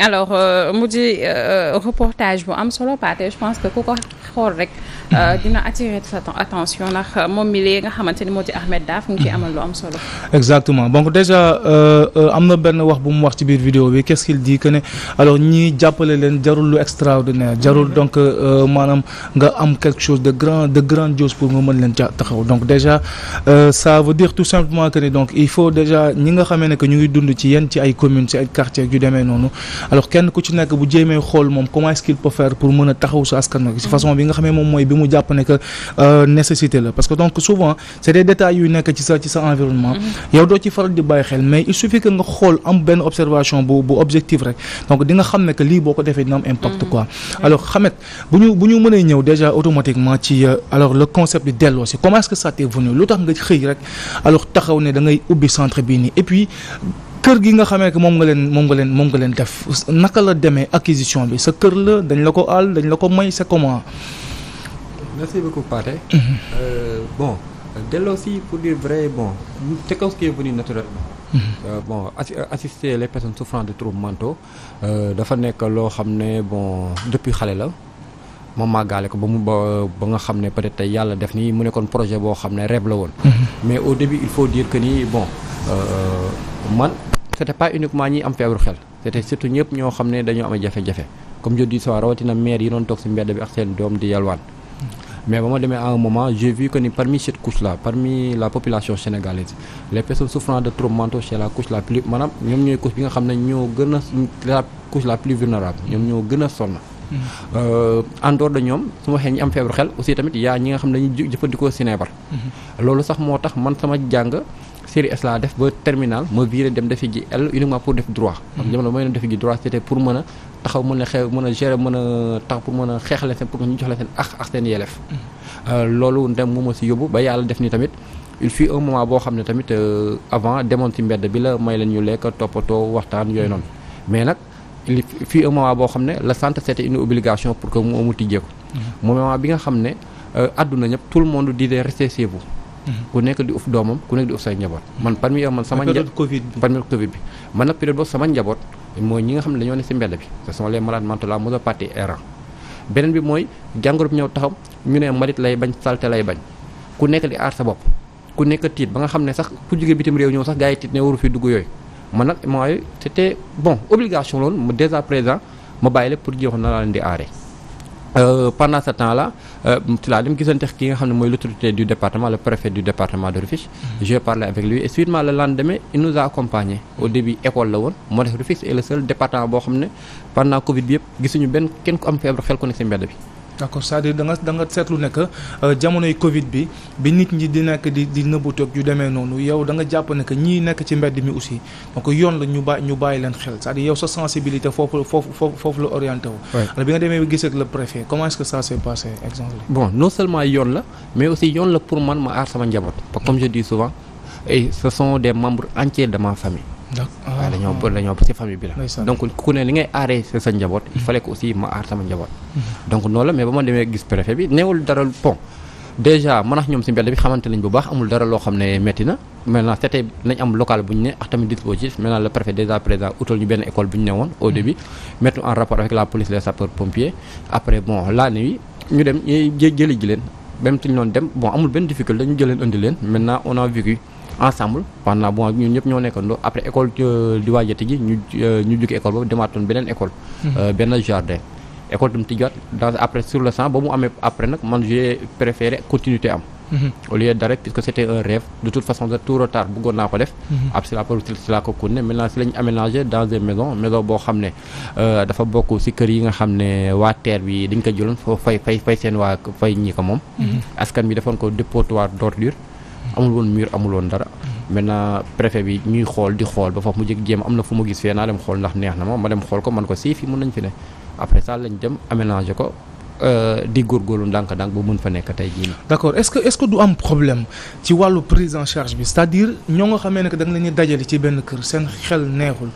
alors euh, mu di euh, reportage bu am solo paate je pense que ku ko xool rek euh, dina attirer sa attention ndax moom mi léegi nga xamante ni moo di Ahmed Daaf mu ngi amal lu am solo. exactement donc déjà am na benn wax bu mu wax ci biir vidéo bi qu'est-ce que ne alors ñii jàppale leen jarul lu extraordinaire jarul mm-hmm. donc maanaam nga am quelque chose de grand de grandiose pour nga mën leen ca taxaw donc déjà ça veut dire tout simplement que donc il faut déjà ñi nga xamee ne que ñu ngi dund ci yenn ci ay communes ci ay quartiers yu demee noonu. alors kenn ku ci nekk bu jéemee xool moom comment est-ce qu'il peut faire pour mën a taxaw sa askan wi si façon bi nga xamee moom mooy bi mu jàpp ne euh, nécessité la parce que donc souvent c'est des détails yu nekk ci sa ci sa environnement mm-hmm. yow doo ci faral di bàyyi xel mais il suffit que nga xool am benn observation bu bu objectif rek donc di nga xam ne que lii boo ko defee dina am impact mm-hmm. quoi mm-hmm. alors xamet bu ñu bu ñu mënee ñëw déjà automatiquement ci euh, alors le concept delloo si comment que ça t'est lu tax nga xëy rek alors taxaw ne da ngay ubbi centre bii nii et kër gi nga xamee que moom nga leen moom nga leen moom nga leen def naka la demee acquisition bi sa kër la dañ la ko àll dañ la ko may c'est comment. merci beaucoup Pathé. Mhm. Euh, bon delloo si pour dire vrai bon c'est quelque chose qui est venu naturellement. Mhm. Euh, bon euh, assister les personnes souffrant de troubles euh, dafa nekk loo xam ne bon depuis xale la. ma màggaale ko ba mu ba ba nga xam ne peut-être tey yàlla def nii mu nekkoon projet boo xam ne rêve mhm. euh, man c'était pas uniquement ñi am feebaru xel c'était surtout ñëpp ñoo xam ne dañoo am jafe-jafe comme je dis souvent rawatina maire yi doon toog si mbedd bi ak seen doom di yalwaan mais ba demee à moment j'ai vu que ni parmi cette couche là parmi la population sénégalaise les personnes souffrant de troubles mentaux c'est la couche la plus ñoom ñoo gën a vulnérable ñoom ñoo gën a Euh, en da de ñoom su ma waxee ñi am feebar xel aussi tamit yaa ñi nga xam ne dañuy jëfandikoo sineebar mhm. loolu sax moo tax man sama jàng série S laa def ba terminal ma viré dem defi ji L uniquement pour def droit am mhm. jamono mooy defi ji droit pour mën a taxaw mën a a gérer mën a tax pour mën a xeexale seen pour ñu jox la seen ax ak seen yelef mhm. euh, loolu ndem mu ma si yóbbu ba yàlla def ni tamit il fut un moment boo xam ne tamit euh, avant demoon si mbedd bi la may leen ñu lekk toppatoo waxtaan yooyu noonu il fii un moment boo xam ne la santé c'était une obligation pour que mu mu tijjee ko. Mhm. bi nga xam ne euh, àdduna ñëpp tout le monde di de nekk di uf ku nekk di uf say njaboot. Mhm. man parmi yow sama. période Covid bi parmi Covid bi. man nag période sama njaboot mooy ñi nga xam ne dañoo ne ci mbedd bi ce sont les malades mentaux la mosopathie errant beneen bi mooy jàngoro bi ñëw taxaw ñu ne mbalit lay bañ salte lay bañ ku nekk di aar sa bopp ku nekk tiit ba nga xam ne sax ku jóge bitim réew ñëw sax gars yi tiit ne waru fi dugg yooyu. man nag mooy te bon obligation loolu mu dès à présent ma bàyyi lépp pour jox na laa leen di aare. Euh, pendant ce temps là euh, ci laa dem gisante ki nga xam ne mooy l'autorité du département le préfet du département de Rufisque mm-hmm. j'ai parlé avec lui et suitement le lendemain il nous a accompagné au début école la woon moo def Rufisque est le seul département boo xam ne pendant Covid bi yëpp gisuñu benn kenn ku am feebar xel ku nekk si mbedd bi d'accord c'est-à-dire danga seetlu ne que euh, jamonoy Covid bi bi nit ñi di nekk di di nëbbutoog yu demee noonu yow da nga jàpp ne que ñii nekk ci mbedd mi aussi donc yoon la ñu bàyyi ñu bàyyi leen xel c'est-à-dire sa sensibilité foofu foofu foofu foofu la orienté wu. alors bi nga demee gis ak le préfet comment est que ça s'est passé exemple. bon non seulement yoon la mais aussi yoon la pour man ma aar sama njaboot. comme je dis souvent et sa sont de membre entiers de ma famille. Ah. waaye dañoo dañoo ci famille bi la donc ku ne li ngay aaree sa njaboot il mm-hmm. fallait aussi ma aar sama njaboot mm-hmm. donc noonu la mais ba ma demee gis préfet bi neewul dara bon déjà man ak ñoom si mbedd bi xamante nañ bu baax amul dara loo xam ne metti na maintenant c'était nañ am local bu ñu ne ak tamit dispositif maintenant le préfet déjà présent utal ñu benn école bu ñu ne woon au mm-hmm. début mettre en rapport avec la police leen même tuñ noonu dem bon amul benn difficulté ensemble pendant bon ñun ñëpp ñoo nekkandoo après école euh, di waaja tëj ñu euh, ñu jóge école boobu demaatoon beneen école. Mhm. Euh, benn jardin. école tam tijjaat dans après sur le sang ba mu amee après nag man j'ai préféré continuité am. Mhm. au lieu d'arrêt puisque c'était un rêve de toute façon tout retard bëggoon naa ko def. Mhm. ab si la ko kunne maintenant dans une maison maison boo xam ne dafa bokk si kër yi nga xam ne waa terre bi dañ ko jëloon fay fay fay seen waa fay ñi ko amul woon mur amul woon dara maintenant préfet bi ñuy xool di xool ba foofu mu jëkk jéem am na fu ma gis fee naa dem xool ndax neex na ma ma dem xool ko man ko si fi mun nañ fi ne après ça lañ dem aménager ko Euh, di góorgóorlu ndànk-ndànk ba mun fa nekk tey jii. d'accord est est-ce que du am problème ci wàllu prise en charge bi c'est-à-dire ñoo nga xamee ne que leen dajale ci benn kër seen xel neexul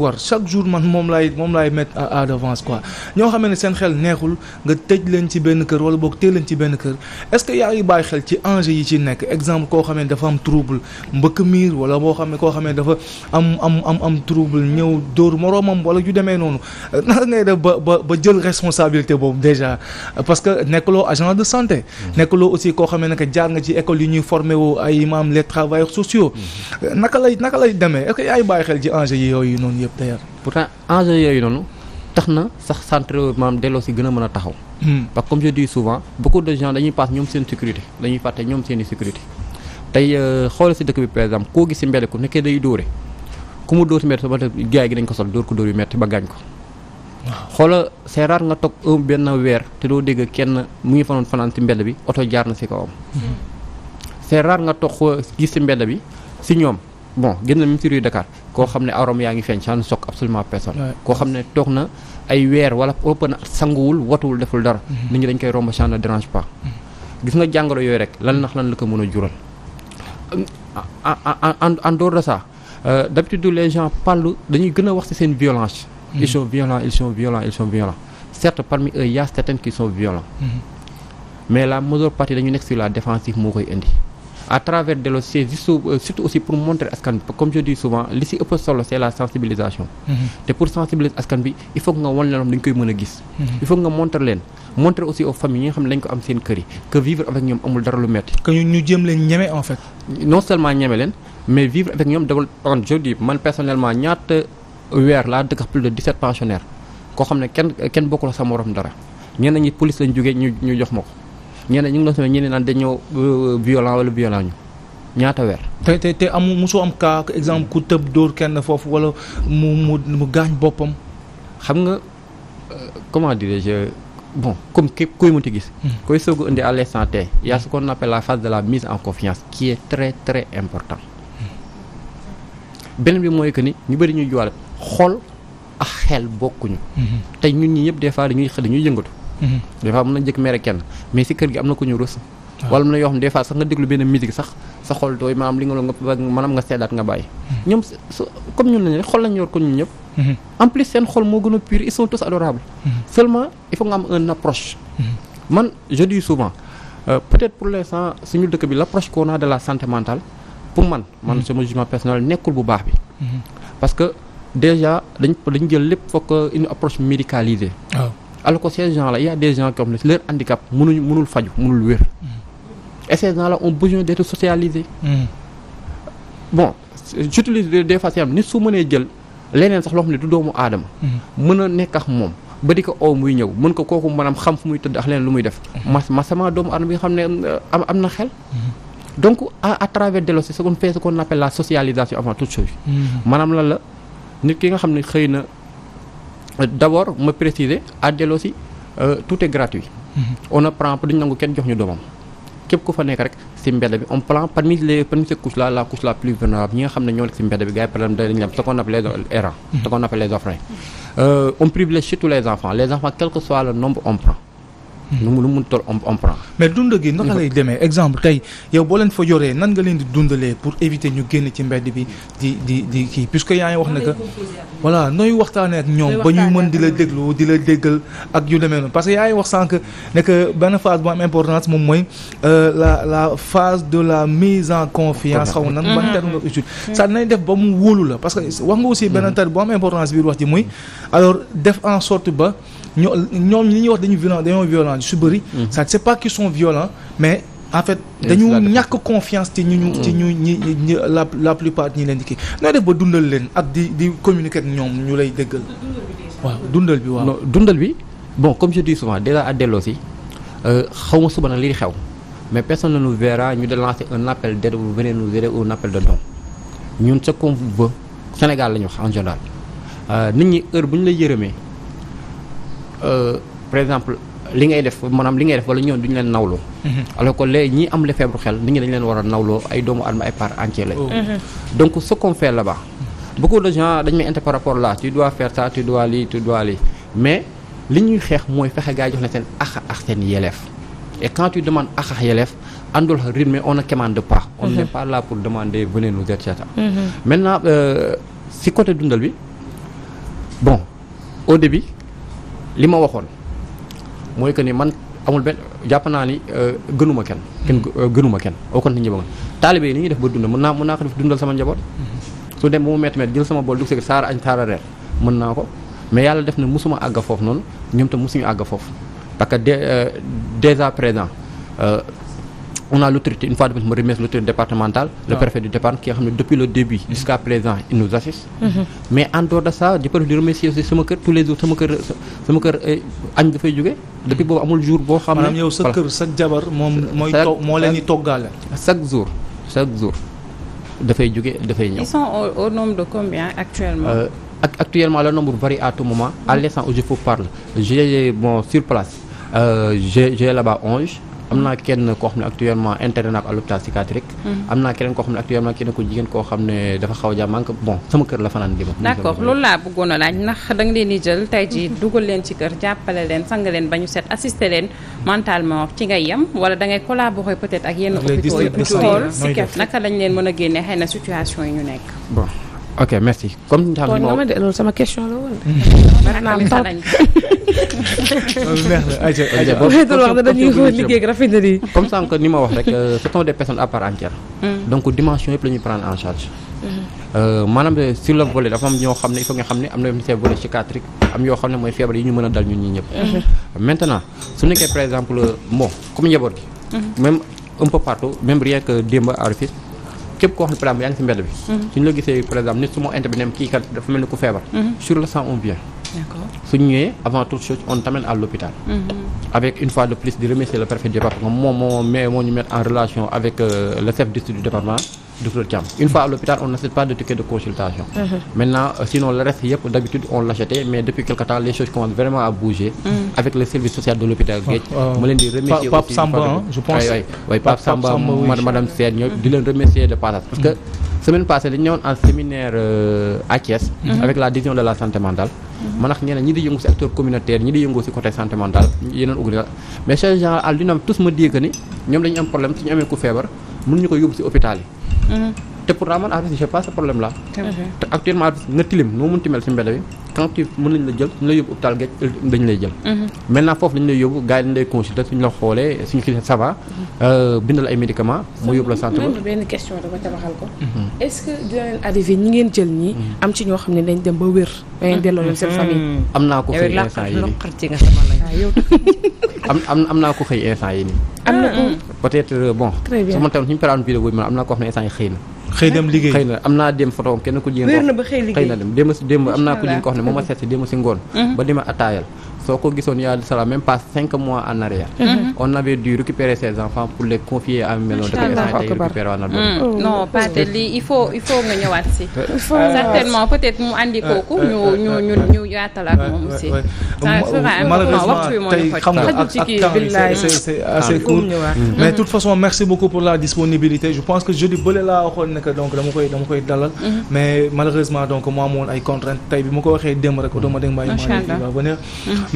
war chaque jour man moom laay moom laay mettre à l'avance quoi ñoo xamee ne seen xel neexul nga tëj leen ci benn kër wala boog tëj leen ci benn kër est-ce que yaa ngi bàyyi xel ci enjeux yi ci nekk exemple koo xamee ne dafa am trouble mbëkk miir wala boo xam ne koo xamee dafa am am am am trouble ñëw dóor moroomam wala ju demee noonu naka def ba ba responsabilité boobu déjà parce que nekkuloo agent de santé mhm. nekkuloo aussi koo xamee ne jaar nga ci école yi ñuy formé ay maam les travailleurs sociaux mhm. naka lay naka lay demee est yaay bàyyi xel ci enjeux yooyu noonu yëpp d'ailleurs pourtant enjeux yooyu a a hmm. comme je dis souvent beaucoup de gens dañuy passe ñoom seen sécurité dañuy fàtte ñoom seen i sécurité tey euh, xoolal si dëkk bi par exemple koo gis si mbedd ku nekkee day dóore ku mu dóor si mbedd sama gaay gi dañ ko sol dóor ko dóor yu xoola c'est nga toog benn weer te doo dégg kenn mu ngi fanoon fanaan ci mbedd bi oto jaar na si kawam. c'est rare nga toog gis ci mbel bi si ñoom bon génn même ci rue Dakar koo xam ne arom yaa ngi feeñ ça ne choque absolument personne. koo xam ne toog na ay weer wala ëpp na sanguwul watuwul deful dara. Mm-hmm. nit ñi dañ koy romb ça ne mm-hmm. gis nga jàngoro yooyu rek lan nax lan la ko mën a jural. en en en dehors de ça euh, d'habitude les gens parlent dañuy gën a wax ci seen violence. Ils sont violents, ils sont violents, ils sont violents. Certes, parmi eux, a y a certains qui sont violents. Mhm. mais la majeure partie dañu nekk sur la défensive moo koy indi à travers Dello c'est juste euh, surtout aussi pour montrer askan bi comme je souvent li si ëpp solo c'est la sensibilisation mhm. te pour sensibiliser askan bi il faut que nga wan leen dañ koy mën a gis mhm. il faut que nga montre leen montre aussi aux familles yi nga xam ne dañ ko am seen kër yi que vivre avec ñoom amul weer laa dëkk plus de 17 pensionnaires koo xam ne kenn kenn bokkul sa morom dara ñeneen ñi police lañ jógee ñu ñu jox ma ko ñeneen ñu ngi doon sama ñeneen naan dañoo euh, violent wala violent ñu ñaata weer. te te te amu mosoo am cas exemple ku tëb dóor kenn foofu wala mu mu mu gaañ boppam. xam nga euh, comment dirais-je bon comme képp kuy mënti gis. Hmm. koy soog indi à l'instant T y a ce la phase de la mise en confiance qui est très très important hmm. beneen bi mooy que ni ñu bëri ñuy juwaale. xol ak xel bokkuñu. Mhm. tey ñun ñi yëpp des fois dañuy xel dañuy yëngatu. Mhm. des fois mën na njëkk mere kenn mais si kër gi am na ku ñu rës. Ah. wala mën na yoo xam des sax nga déglu benn musique sax sa xol dooy maam li nga seddaat nga bàyyi. Mhm. ñoom comme ñun lañu xol lañu yor ko ñun ñëpp. en plus seen xol moo gën a pur ils sont tous adorables. seulement il faut nga am un approche. man je souvent euh, peut-être pour l'instant suñu dëkk bi l'approche qu'on a de la santé pour man man sama bu baax bi déjà dañ dañ jël lépp fokk une approche médicalisée. waaw alors que ces la là il y a des gens comme leur handicap mënuñ mënul faju mënul wér. Hmm. et ces gens là ont besoin d'être socialisés. Hmm. bon j'utilise des fois nit su mënee jël leneen sax loo xam ne du doomu aadama. Hmm. mën a nekk ak moom. ba ko oo muy ñëw mën ko kooku maanaam xam fu muy tëdd ak leen lu muy def. ma ma sama doomu aadama bi xam ne euh, am am na xel. donc à à travers Delossi ce qu'on fait ce qu'on appelle la socialisation avant toute chose. maanaam lan nit ki nga xam ne xëy na d'abord ma préciser à Delossi euh, tout est gratuit. Mm-hmm. on ne prend duñ nangu kenn jox ñu doomam. képp ku fa nekk rek ci mbedd bi on prend parmi les parmi ces la couche la plus vulnérable ñi nga xam ne ñoo nekk ci mbedd bi gars yi par exemple dañu leen ce les errants. ce qu'on appelle les mm-hmm. euh, enfants les soit le nombre on prend. lu mu lu mu toll on prend. mais dund gi naka lay demee exemple tey yow boo leen fa yoree nan nga leen di dundalee pour éviter ñu génn ci mbedd bi di di di kii puisque yaa ngi wax ne que voilà nooy waxtaanee ak ñoom ba ñuy mën di la déglu di la déggal ak yu demee noonu parce que yaa wax sànq ne que benn phase bu am importance moom mooy euh, la la phase de la mise en confiance xaw nan ban mhm. terme nga mhm. utile sa dinañ def ba mu wóolu la parce que wax nga aussi benn mhm. terme bu am importance biir wax ji muy alors def en sorte ba ñoo ñoom ñi ñuy wax dañu violent dañoo violent su bëri mhm. ça c'est pas qu'ils sont violents mais en fait dañu ñàkk confiance ci ñu ñu ci mhm. ñu ñi ñi la la plupart ñi leen di kii nooy def ba dundal leen ak di di communiquer ñoom ñu lay dëggal waaw dundal bi waaw non dundal bi bon comme je dis souvent déjà à delloo si euh, xaw ma suba nag lii xew mais personne ne nous verra ñu de lancer un appel d'aide vous venez nous aider ou un appel de don ñun ce qu'on veut Sénégal la ñu wax euh, nit ñi heure bu ñu lay yërëmee Euh, par exemple li ngay def maanaam li ngay def wala ñoom duñu leen nawloo. Mhm. alors que léegi ñi am la feebaru xel nit ñi dañu leen war a nawloo ay doomu adama ay part entière lañ. Oh. Mhm. donc ce qu'on fait là-bas. beaucoup de gens dañu may inter rapport là tu dois faire ça tu dois lii tu lii mais li ñuy xeex mooy fexe gaa yi jox na seen axa ak seen yeleef et quand tu demandes axa ak yeleef àndul rythme on ne commande pas. on mhm. n'est pas là pour demander venez nous et cetera. Euh, si côté li ma waxoon mooy que ni man amul benn jàpp naa ni euh, gënuma kenn kenn hmm. euh, gënuma kenn au compte njëba ma taalibe yi ni ñuy def ba dund mën naa mën naa ko def dundal sama njaboot hmm. su dem ba mu metti metti jël sama bool dug seg saara añ saara reer mën naa ko mais yàlla def na musuma àgg foofu noonu ñoom tam musuñu àgg foofu parce que dès euh, dès à présent on a l'autorité une fois de plus ma remercie l'autorité départementale le ah. préfet du département ki nga xam ne depuis le début jusqu'à présent il mm-hmm. mais en dehors de ça di préfet di remercier aussi sama kër tous les jours sama kër sama kër eh, añ dafay jóge depuis boobu amul jour boo xam ne maanaam yow sa kër sa jabar moom mooy toggaale chaque jour chaque jour dafay jóge dafay ñëw au, nombre de combien actuellement la euh, actuellement le nombre varie à tout moment à mm-hmm. l'instant où am na kenn koo xam ne actuellement interne naa ko à mm-hmm. am naa keneen koo xam ne actuellement kenn ko jigéen koo xam ne dafa xaw a jàmm manque bon sama kër la fanaan dima d'accord loolu laa bëggoon a laaj ndax da leen di jël tey ji mm-hmm. dugal leen ci kër jàppale leen sang leen ba ñu set assister leen mentalement ci ngay yem wala da ngay collaborer peut-être ak yenn hôpitaux yi xool si naka lañ leen mën a génne xëy na situation yi ñu nekk ok merci comme. xam nga ma de loolu sama question la woon. maanaam taw loolu comme sànq ni ma wax rek euh, ce sont des personnes à part entière. Hmm. donc dimension yëpp la ñuy prendre en charge. Hmm. Euh, maanaam euh, si le volet dafa am ñoo xam ne il faut nga xam ne am na seen volet psychiatrique am yoo xam ne mooy feebar yi ñu mën a dal ñun ñii ñëpp. Hmm. maintenant su nekkee par exemple moo comme njaboot gi. même un peu partout même rien que démb à képp koo xam ne par exemple yaa ngi si mbedd bi mhm. suñu la gisee par exemple nit su ma intervenir kii kat dafa mel ni ku feebar mhm. sur le sang on vient suñu ñëwee avant toute chose on t'amène à l'hôpital mhm. avec une fois de plus di remercier le préfet du département moom moo mais moo ñu mettre en relation avec euh, le chef district du département docteur Thiam une fois à on n'achète pas de ticket de consultation mm -hmm. sinon le reste yëpp d'habitude on l'achetait mais depuis quelque temps les choses commencent vraiment à bouger mm. avec le service social de l'hôpital Guédiawaye euh, ma leen di remercier Pape Samba je pense oui oui di leen remercier de passage parce que mm. semaine passée dañu ñëwoon en séminaire euh, à Thiès mm-hmm. avec la vision de la santé mentale mm-hmm. man ak ñeneen ñi di yëngu ci acteur communautaire te pourtant man artiste j'ai pas ce problème là. te actuellement artiste nga tilim noo mënti mel si mbedd bi quand mën nañ la jël ñu lay yóbbu hôpital géej dañu lay jël. Mhm. maintenant foofu lañu lay yóbbu gars yi dañu lay consulter suñu la xoolee suñu kii ça va. Mhm. Euh, bindal ay médicaments mu yóbbu la sant ba. benn question dama mhm. leen arrivé ñi ngeen jël ñi am ci ñoo xam ne dañ dem ba wér. da ngeen delloo leen seen famille. am naa ko fi instant yii ah, yow am am am naa ko xëy instant yi nii. am ah, na ah. peut-être euh, bon. très bien su ma tamit suñu paraan vidéo bi man am naa ko xam ne instant yi xëy na. xëy dem liggéey xëy na am naa dem foto kenn ku jigéen. wér na ba xëy liggéey xëy na dem dem si démb am naa ku jigéen ko xam ne moom ma seet si démb ngoon. Mm-hmm. ba di ma attaayal. soo ko gisoon yaa sala même pas cinq mois en arrière mm-hmm. Mm-hmm. on avait dû récupérer ces enfants pour les confier à une maison de récupération mm. oh. non Pathé lii il faut il faut nga ñëwaat si euh, euh, certainement peut-être mu andi euh, kooku ñu ñu ñu ñu yaatal ak moom aussi malheureusement tey xam nga ak temps c'est c'est ah, assez court mm. mm-hmm. mais de toute façon merci beaucoup pour la disponibilité je pense que jeudi bële laa waxoon ne que donc dama koy dama koy dalal mais malheureusement donc mu amoon ay contraintes tey bi ma ko waxee démb rek automatiquement il m'a dit qu'il va venir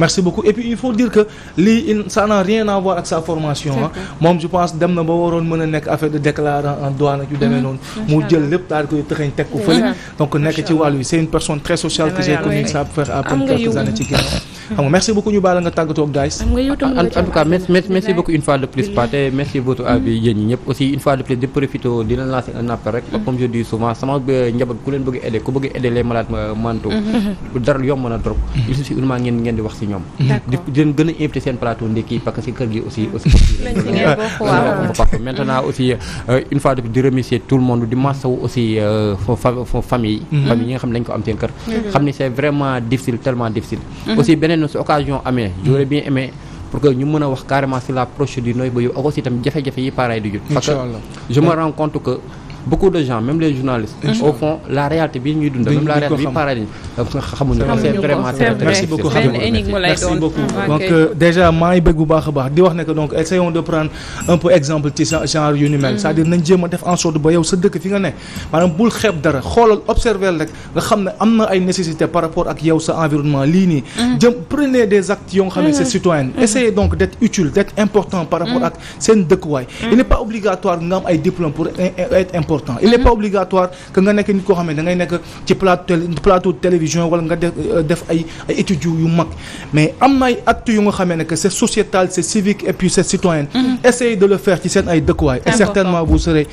merci beaucoup et puis il faut dire que lii in n'a rien à voir ak sa formation ah moom je pense dem na ba waroon mën a nekk affaire de déclarant en douane ak yu demee mhm. noonu mu jël lépp daal koy tëxañ teg ko fële donc nekk ci wàllu yi c'est une personne très sociale que j'ai connue ça peut faire à xam nga merci beaucoup ñu baal nga tàggatoo ak guys en tout cas merci beaucoup une fois de plus Pathé merci beaucoup à yéen ñi aussi une fois de plus di profité di leen lancer un appel rek comme je dis souvent sama euh, njaboot ku leen bëgg aider ku bëgg aider les malades euh, mentaux dara yomb na trop mm-hmm. il suffit uniquement a monde di massawu aussi euh, famille mm-hmm. famille yi nga xam ne dañ ko am seen kër mm-hmm. xam ne c'est vraiment difficile tellement difficile aussi beneen su occasion amee mm. j'aurais bien aimé pour que ñu mën a wax carrément si la procédure nooy ba yow ak aussi tamit jafe-jafe yi pareil di jot parce que je me que beaucoup de gens même baax a baax di wax ne donc essayons de prendre un peu exemple ci genre yu ni mm. dire nañ jéem def en ba yow sa dëkk fi nga ne maanaam bul xeeb dara xoolal observer rek nga xam ne am na ay nécessité par rapport ak yow sa environnement lii nii. Mm. jëm prenez des actes yoo nga xam ne mm. c'est citoyen. essayez donc d'être utile d'être important par rapport ak seen dëkkuwaay. il n'est pas obligatoire nga am ay diplômes pour e, e, être important. important il est pas obligatoire que nga nekk nit koo xam ne nekk ci plateau plateau télévision wala nga def euh, ay ay yu mag mais am na ay xamee ne c'est sociétal c'est civique et puis c'est citoyen mm-hmm. essayez de le faire ci seen ay dëkkuwaay et certainement vous serez